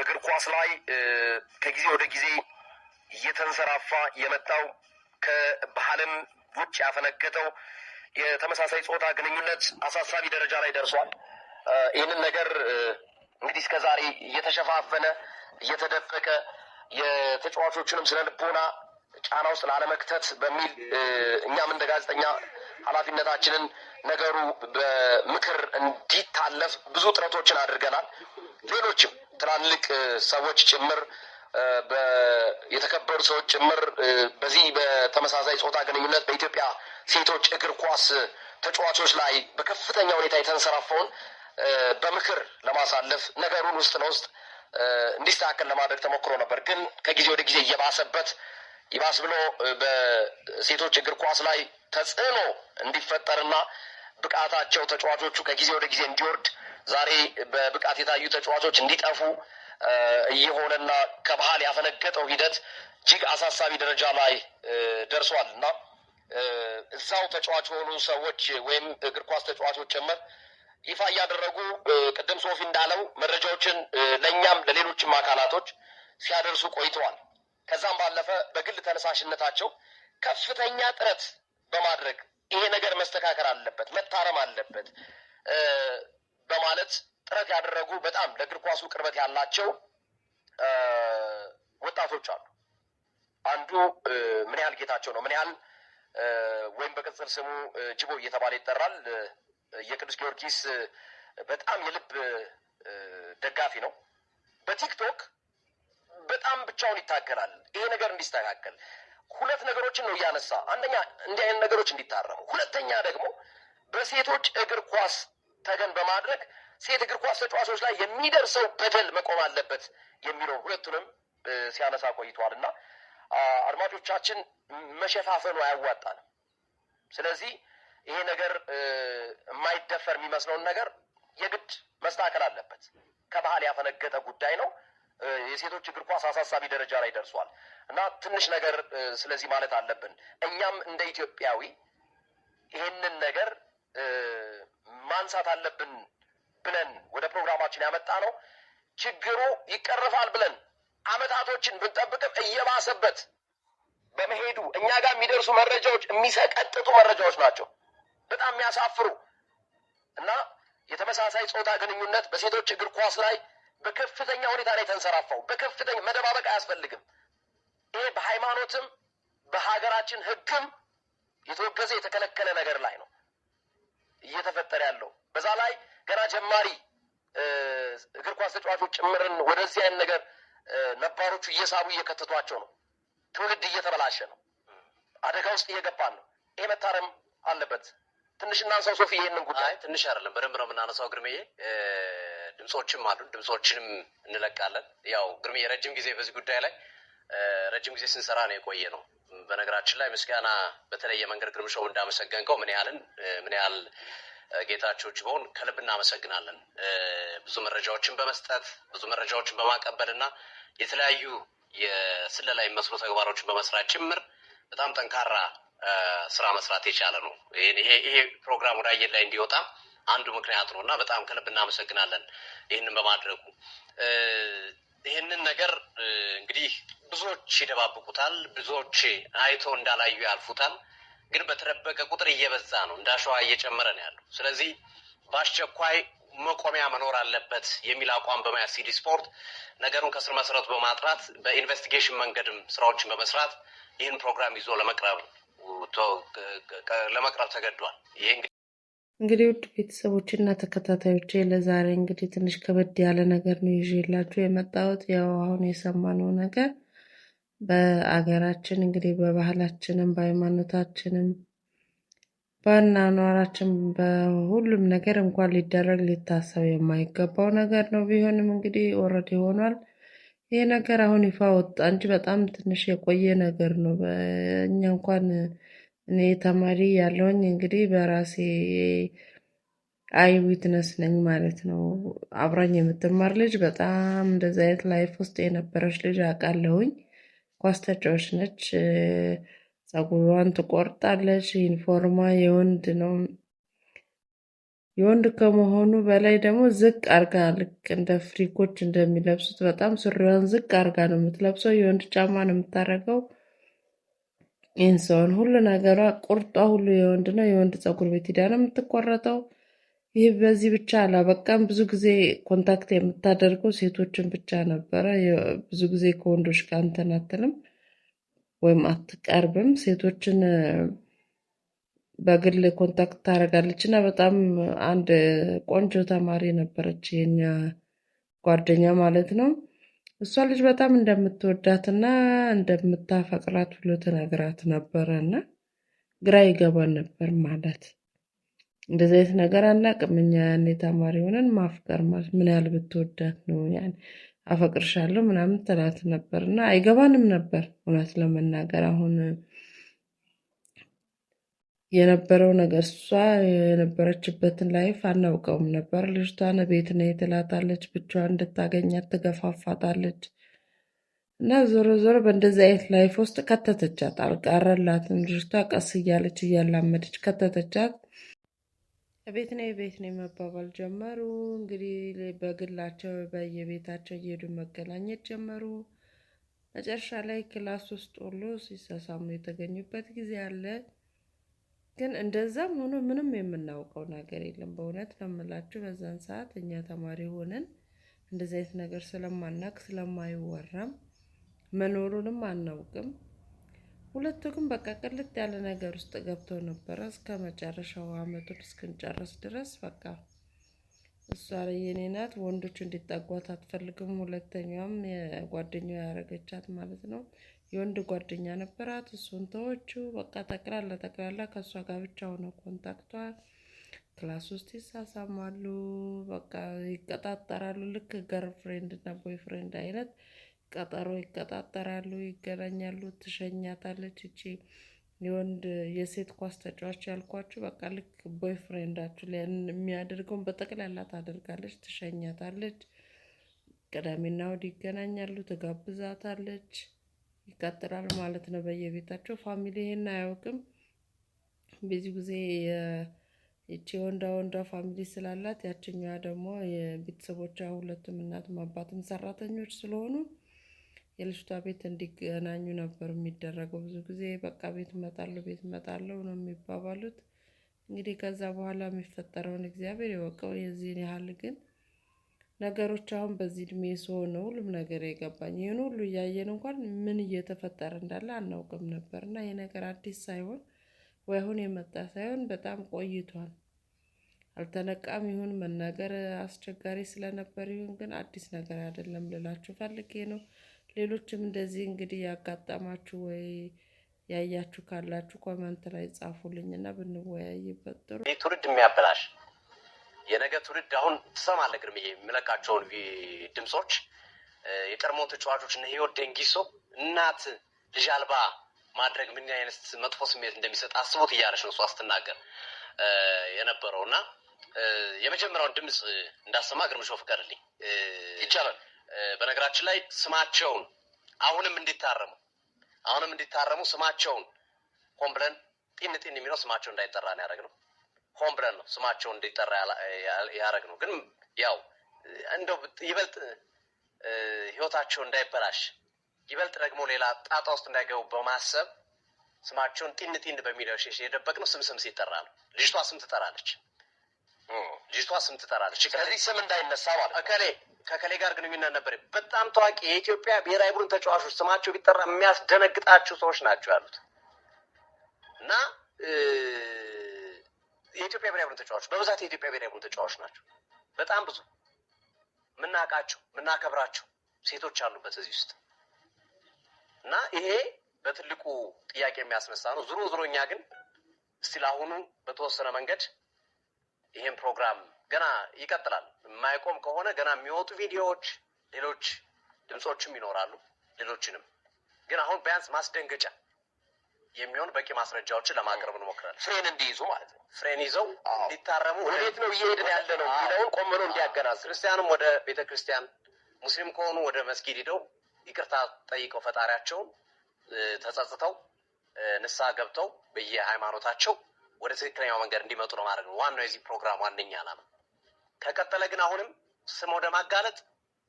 እግር ኳስ ላይ ከጊዜ ወደ ጊዜ እየተንሰራፋ የመጣው ከባህልም ውጭ ያፈነገጠው የተመሳሳይ ፆታ ግንኙነት አሳሳቢ ደረጃ ላይ ደርሷል። ይህንን ነገር እንግዲህ እስከ ዛሬ እየተሸፋፈነ እየተደበቀ የተጫዋቾችንም ስነ ልቦና ጫና ውስጥ ላለመክተት በሚል እኛም እንደ ጋዜጠኛ ኃላፊነታችንን ነገሩ በምክር እንዲታለፍ ብዙ ጥረቶችን አድርገናል። ሌሎችም ትላልቅ ሰዎች ጭምር የተከበሩ ሰዎች ጭምር በዚህ በተመሳሳይ ጾታ ግንኙነት በኢትዮጵያ ሴቶች እግር ኳስ ተጫዋቾች ላይ በከፍተኛ ሁኔታ የተንሰራፈውን በምክር ለማሳለፍ ነገሩን ውስጥ ለውስጥ እንዲስተካከል ለማድረግ ተሞክሮ ነበር። ግን ከጊዜ ወደ ጊዜ እየባሰበት ይባስ ብሎ በሴቶች እግር ኳስ ላይ ተጽዕኖ እንዲፈጠርና ብቃታቸው ተጫዋቾቹ ከጊዜ ወደ ጊዜ እንዲወርድ ዛሬ በብቃት የታዩ ተጫዋቾች እንዲጠፉ እየሆነና ከባህል ያፈነገጠው ሂደት እጅግ አሳሳቢ ደረጃ ላይ ደርሷል እና እዛው ተጫዋች የሆኑ ሰዎች ወይም እግር ኳስ ተጫዋቾች ጭምር ይፋ እያደረጉ ቅድም ሶፊ እንዳለው መረጃዎችን ለእኛም ለሌሎችም አካላቶች ሲያደርሱ ቆይተዋል። ከዛም ባለፈ በግል ተነሳሽነታቸው ከፍተኛ ጥረት በማድረግ ይሄ ነገር መስተካከል አለበት፣ መታረም አለበት በማለት ጥረት ያደረጉ በጣም ለእግር ኳሱ ቅርበት ያላቸው ወጣቶች አሉ። አንዱ ምን ያህል ጌታቸው ነው። ምን ያህል ወይም በቅጽል ስሙ ጅቦ እየተባለ ይጠራል። የቅዱስ ጊዮርጊስ በጣም የልብ ደጋፊ ነው። በቲክቶክ በጣም ብቻውን ይታገላል ይሄ ነገር እንዲስተካከል ሁለት ነገሮችን ነው እያነሳ፣ አንደኛ እንዲህ አይነት ነገሮች እንዲታረሙ፣ ሁለተኛ ደግሞ በሴቶች እግር ኳስ ተገን በማድረግ ሴት እግር ኳስ ተጫዋቾች ላይ የሚደርሰው በደል መቆም አለበት የሚለውን ሁለቱንም ሲያነሳ ቆይተዋል እና አድማጮቻችን መሸፋፈኑ አያዋጣንም። ስለዚህ ይሄ ነገር የማይደፈር የሚመስለውን ነገር የግድ መስተካከል አለበት። ከባህል ያፈነገጠ ጉዳይ ነው። የሴቶች እግር ኳስ አሳሳቢ ደረጃ ላይ ደርሷል እና ትንሽ ነገር ስለዚህ ማለት አለብን። እኛም እንደ ኢትዮጵያዊ ይህንን ነገር ማንሳት አለብን ብለን ወደ ፕሮግራማችን ያመጣ ነው። ችግሩ ይቀርፋል ብለን አመታቶችን ብንጠብቅም እየባሰበት በመሄዱ እኛ ጋር የሚደርሱ መረጃዎች የሚሰቀጥጡ መረጃዎች ናቸው፣ በጣም የሚያሳፍሩ እና የተመሳሳይ ፆታ ግንኙነት በሴቶች እግር ኳስ ላይ በከፍተኛ ሁኔታ ላይ ተንሰራፋው። በከፍተኛ መደባበቅ አያስፈልግም። ይሄ በሃይማኖትም በሀገራችን ህግም የተወገዘ የተከለከለ ነገር ላይ ነው እየተፈጠረ ያለው። በዛ ላይ ገና ጀማሪ እግር ኳስ ተጫዋቾች ጭምርን ወደዚህ አይነት ነገር ነባሮቹ እየሳቡ እየከተቷቸው ነው። ትውልድ እየተበላሸ ነው። አደጋ ውስጥ እየገባን ነው። ይሄ መታረም አለበት። ትንሽ እናንሳው ሶፊ፣ ይሄንን ጉዳይ ትንሽ አይደለም በደንብ ነው የምናነሳው ግርምዬ ድምፆችም አሉ። ድምፆችንም እንለቃለን። ያው ግርም ረጅም ጊዜ በዚህ ጉዳይ ላይ ረጅም ጊዜ ስንሰራ ነው የቆየ ነው። በነገራችን ላይ ምስጋና በተለየ መንገድ ሾው እንዳመሰገንከው ምን ያህልን ምን ያህል ጌታቸው ጅቦን ከልብ እናመሰግናለን። ብዙ መረጃዎችን በመስጠት ብዙ መረጃዎችን በማቀበል እና የተለያዩ የስለላ የሚመስሉ ተግባሮችን በመስራት ጭምር በጣም ጠንካራ ስራ መስራት የቻለ ነው። ይሄ ፕሮግራም ወደ አየር ላይ እንዲወጣ አንዱ ምክንያት ነው እና በጣም ከልብ እናመሰግናለን ይህንን በማድረጉ። ይህንን ነገር እንግዲህ ብዙዎች ይደባብቁታል፣ ብዙዎች አይቶ እንዳላዩ ያልፉታል። ግን በተደበቀ ቁጥር እየበዛ ነው፣ እንደ እየጨመረ ነው ያለው። ስለዚህ በአስቸኳይ መቆሚያ መኖር አለበት የሚል አቋም በማያ ሲዲ ስፖርት ነገሩን ከስር መሰረቱ በማጥራት በኢንቨስቲጌሽን መንገድም ስራዎችን በመስራት ይህን ፕሮግራም ይዞ ለመቅረብ ለመቅረብ ተገዷል። ይህ እንግዲህ ውድ ቤተሰቦች እና ተከታታዮቼ ለዛሬ እንግዲህ ትንሽ ከበድ ያለ ነገር ነው ይዤላችሁ የመጣሁት። ያው አሁን የሰማነው ነገር በአገራችን እንግዲህ በባህላችንም በሃይማኖታችንም በአኗኗራችን በሁሉም ነገር እንኳን ሊደረግ ሊታሰብ የማይገባው ነገር ነው። ቢሆንም እንግዲህ ወረድ ሆኗል። ይህ ነገር አሁን ይፋ ወጣ እንጂ በጣም ትንሽ የቆየ ነገር ነው። እኛ እንኳን እኔ ተማሪ ያለውኝ እንግዲህ በራሴ አይ ዊትነስ ነኝ ማለት ነው። አብራኝ የምትማር ልጅ በጣም እንደዚ አይነት ላይፍ ውስጥ የነበረች ልጅ አውቃለሁኝ። ኳስ ተጫዋች ነች። ፀጉሯን ትቆርጣለች ዩኒፎርሟ የወንድ ነው። የወንድ ከመሆኑ በላይ ደግሞ ዝቅ አርጋ ልክ እንደ ፍሪኮች እንደሚለብሱት በጣም ሱሪዋን ዝቅ አርጋ ነው የምትለብሰው የወንድ ጫማ ነው የምታደርገው ይህን ሰውን ሁሉ ነገሯ ቁርጧ ሁሉ የወንድ ነው። የወንድ ጸጉር ቤት ሂዳ ነው የምትቆረጠው። ይህ በዚህ ብቻ አላበቃም። ብዙ ጊዜ ኮንታክት የምታደርገው ሴቶችን ብቻ ነበረ። ብዙ ጊዜ ከወንዶች ጋር እንትን አትልም ወይም አትቀርብም። ሴቶችን በግል ኮንታክት ታደርጋለች እና በጣም አንድ ቆንጆ ተማሪ ነበረች፣ የኛ ጓደኛ ማለት ነው። እሷ ልጅ በጣም እንደምትወዳትና እንደምታፈቅራት ብሎ ትነግራት ነበረ እና ግራ ይገባን ነበር ማለት እንደዚህ አይነት ነገር አናቅም እኛ ያኔ ተማሪ ሆነን ማፍቀር ማለት ምን ያህል ብትወዳት ነው ያኔ አፈቅርሻለሁ ምናምን ትላት ነበር እና አይገባንም ነበር እውነት ለመናገር አሁን የነበረው ነገር እሷ የነበረችበትን ላይፍ አናውቀውም ነበር። ልጅቷን ቤት ነይ ትላታለች፣ ብቻዋን እንድታገኛት ትገፋፋታለች። እና ዞሮ ዞሮ በእንደዚህ አይነት ላይፍ ውስጥ ከተተቻት፣ አልቀረላትም። ልጅቷ ቀስ እያለች እያላመደች ከተተቻት፣ ቤት ነይ ቤት ነው መባባል ጀመሩ። እንግዲህ በግላቸው በየቤታቸው እየሄዱ መገናኘት ጀመሩ። መጨረሻ ላይ ክላስ ውስጥ ሁሉ ሲሳሳሙ የተገኙበት ጊዜ አለ። ግን እንደዛም ሆኖ ምንም የምናውቀው ነገር የለም። በእውነት ለምላችሁ በዛን ሰዓት እኛ ተማሪ ሆነን እንደዚህ አይነት ነገር ስለማናቅ ስለማይወራም መኖሩንም አናውቅም። ሁለቱ ግን በቃ ቅልጥ ያለ ነገር ውስጥ ገብቶ ነበረ እስከ መጨረሻው አመቱን እስክንጨረስ ድረስ በቃ እሷ የኔ ናት። ወንዶች እንዲጠጓት አትፈልግም። ሁለተኛውም የጓደኛው ያረገቻት ማለት ነው የወንድ ጓደኛ ነበራት። እሱን ተዎቹ በቃ ጠቅላላ ጠቅላላ ከእሷ ጋር ብቻ ሆነ ኮንታክቷ ክላስ ውስጥ ይሳሳማሉ፣ በቃ ይቀጣጠራሉ። ልክ ገር ገርፍሬንድ እና ፍሬንድ አይነት ቀጠሮ ይቀጣጠራሉ፣ ይገናኛሉ። ትሸኛታለች እቺ የወንድ የሴት ኳስ ተጫዋች ያልኳችሁ በቃ ልክ ቦይ ፍሬንዳችሁ ቦይፍሬንዳችሁ የሚያደርገውን በጠቅላላ ታደርጋለች፣ ትሸኛታለች። ቅዳሜና እሑድ ይገናኛሉ፣ ትጋብዛታለች። ይቃጠላል ማለት ነው በየቤታቸው። ፋሚሊ ይሄን አያውቅም። ብዙ ጊዜ ይቺ ወንዳ ወንዳ ፋሚሊ ስላላት ያችኛዋ ደግሞ የቤተሰቦቿ ሁለቱም እናትም አባትም ሰራተኞች ስለሆኑ የልጅቷ ቤት እንዲገናኙ ነበር የሚደረገው። ብዙ ጊዜ በቃ ቤት እመጣለሁ ቤት እመጣለሁ ነው የሚባባሉት። እንግዲህ ከዛ በኋላ የሚፈጠረውን እግዚአብሔር ይወቀው። የዚህን ያህል ግን ነገሮች አሁን በዚህ እድሜ ሲሆን ነው ሁሉም ነገር የገባኝ። ይህን ሁሉ እያየን እንኳን ምን እየተፈጠረ እንዳለ አናውቅም ነበር እና ይህ ነገር አዲስ ሳይሆን ወይ አሁን የመጣ ሳይሆን በጣም ቆይቷል። አልተነቃም ይሁን መናገር አስቸጋሪ ስለነበር ይሁን ግን አዲስ ነገር አይደለም ልላችሁ ፈልጌ ነው። ሌሎችም እንደዚህ እንግዲህ ያጋጠማችሁ ወይ ያያችሁ ካላችሁ ኮመንት ላይ ጻፉልኝ እና ብንወያይበት ጥሩ ትውልድ የሚያበላሽ የነገ ትውልድ አሁን ትሰማለህ ግርምዬ የሚለቃቸውን ድምፆች የቀድሞ ተጫዋቾች እነ ህይወት ደንጊሶ እናት ልጅ አልባ ማድረግ ምን አይነት መጥፎ ስሜት እንደሚሰጥ አስቡት እያለች ነው እሷ ስትናገር የነበረው እና የመጀመሪያውን ድምፅ እንዳሰማ ግርምሾ ፍቀድልኝ ይቻላል። በነገራችን ላይ ስማቸውን አሁንም እንዲታረሙ አሁንም እንዲታረሙ ስማቸውን ሆን ብለን ጢን ጢን የሚለው ስማቸው እንዳይጠራ ነው ያደረግነው። ሆምብረን ነው ስማቸው እንዲጠራ ያደረግ ነው። ግን ያው እንደው ይበልጥ ህይወታቸው እንዳይበላሽ ይበልጥ ደግሞ ሌላ ጣጣ ውስጥ እንዳይገቡ በማሰብ ስማቸውን ጢን ጢን በሚለው ሽ የደበቅነው ስም ስም ሲጠራ ነው። ልጅቷ ስም ትጠራለች፣ ልጅቷ ስም ትጠራለች። ከዚህ ስም እንዳይነሳ ማለት እከሌ ከከሌ ጋር ግንኙነት ነበር። በጣም ታዋቂ የኢትዮጵያ ብሔራዊ ቡድን ተጫዋቾች ስማቸው ቢጠራ የሚያስደነግጣቸው ሰዎች ናቸው ያሉት እና የኢትዮጵያ ብሔራዊ ቡድን ተጫዋች በብዛት የኢትዮጵያ ብሔራዊ ቡድን ተጫዋች ናቸው። በጣም ብዙ የምናውቃቸው የምናከብራቸው ሴቶች አሉበት እዚህ ውስጥ እና ይሄ በትልቁ ጥያቄ የሚያስነሳ ነው። ዝሮ ዞሮ እኛ ግን እስቲ ለአሁኑ በተወሰነ መንገድ ይሄን ፕሮግራም ገና ይቀጥላል። የማይቆም ከሆነ ገና የሚወጡ ቪዲዮዎች፣ ሌሎች ድምፆችም ይኖራሉ። ሌሎችንም ግን አሁን ቢያንስ ማስደንገጫ የሚሆን በቂ ማስረጃዎችን ለማቅረብ እንሞክራለን። ፍሬን እንዲይዙ ማለት ነው። ፍሬን ይዘው እንዲታረሙ ወዴት ነው እየሄድን ያለ ነው የሚለውን ቆም ብሎ እንዲያገናዝብ፣ ወደ ቤተ ክርስቲያን፣ ሙስሊም ከሆኑ ወደ መስጊድ ሂደው ይቅርታ ጠይቀው ፈጣሪያቸውን ተጸጽተው ንስሐ ገብተው በየሃይማኖታቸው ወደ ትክክለኛው መንገድ እንዲመጡ ነው ማድረግ ነው ዋናው የዚህ ፕሮግራም ዋነኛ ዓላማ። ከቀጠለ ግን አሁንም ስም ወደ ማጋለጥ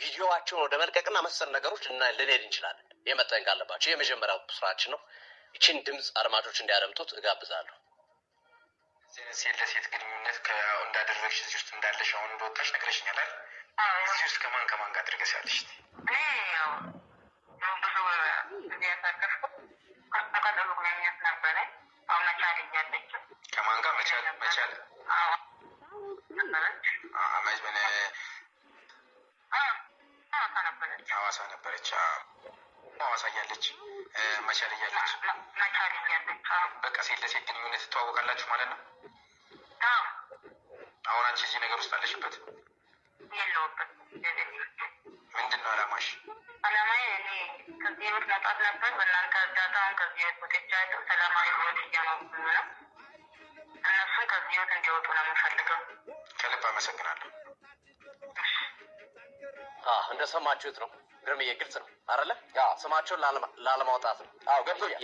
ቪዲዮዋቸውን ወደ መልቀቅና መሰል ነገሮች ልንሄድ እንችላለን። የመጠንቅ አለባቸው። የመጀመሪያው ስራችን ነው። ይችን ድምፅ አድማጮች እንዲያደምጡት እጋብዛለሁ። ሴት ለሴት ግንኙነት እንዳደረግሽ እዚህ ውስጥ እንዳለሽ አሁን እንደወጣሽ ነግረሽኛል። እዚህ ውስጥ ከማን ከማን ጋር አድርገሽ አለ ነው። አሁን አንቺ እዚህ ነገር ውስጥ አለሽበት። የለውበት። ምንድን ነው አላማሽ? እኔ ከዚህ ህይወት መውጣት ነበር። በእናንተ እርዳታ አሁን ከዚህ ህይወት ወጥቻለሁ። ሰላማዊ ህይወት ነው። እነሱን ከዚህ ህይወት እንዲወጡ ነው የምፈልገው። ከልብ አመሰግናለሁ። እንደሰማችሁት ነው። ግርምዬ ግልጽ ነው አይደለ? ስማቸውን ላለማውጣት ነው። አዎ ገብቶኛል።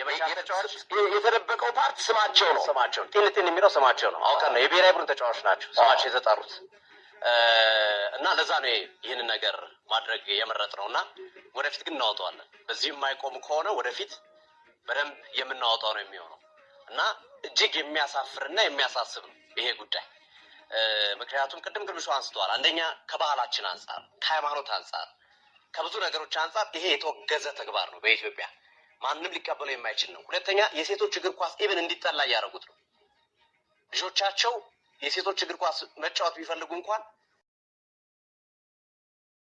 የተደበቀው ፓርት ስማቸው ነው። ስማቸው ጤን የሚለው ስማቸው ነው። አውቀን ነው የብሔራዊ ቡድን ተጫዋች ናቸው ስማቸው የተጠሩት እና ለዛ ነው ይህንን ነገር ማድረግ የመረጥ ነው እና ወደፊት ግን እናወጣዋለን። በዚህ የማይቆም ከሆነ ወደፊት በደንብ የምናወጣው ነው የሚሆነው እና እጅግ የሚያሳፍርና የሚያሳስብ ነው ይሄ ጉዳይ። ምክንያቱም ቅድም ግርምሾ አንስተዋል። አንደኛ ከባህላችን አንጻር፣ ከሃይማኖት አንጻር፣ ከብዙ ነገሮች አንጻር ይሄ የተወገዘ ተግባር ነው በኢትዮጵያ ማንም ሊቀበለው የማይችል ነው። ሁለተኛ የሴቶች እግር ኳስ ኢብን እንዲጠላ እያደረጉት ነው። ልጆቻቸው የሴቶች እግር ኳስ መጫወት ቢፈልጉ እንኳን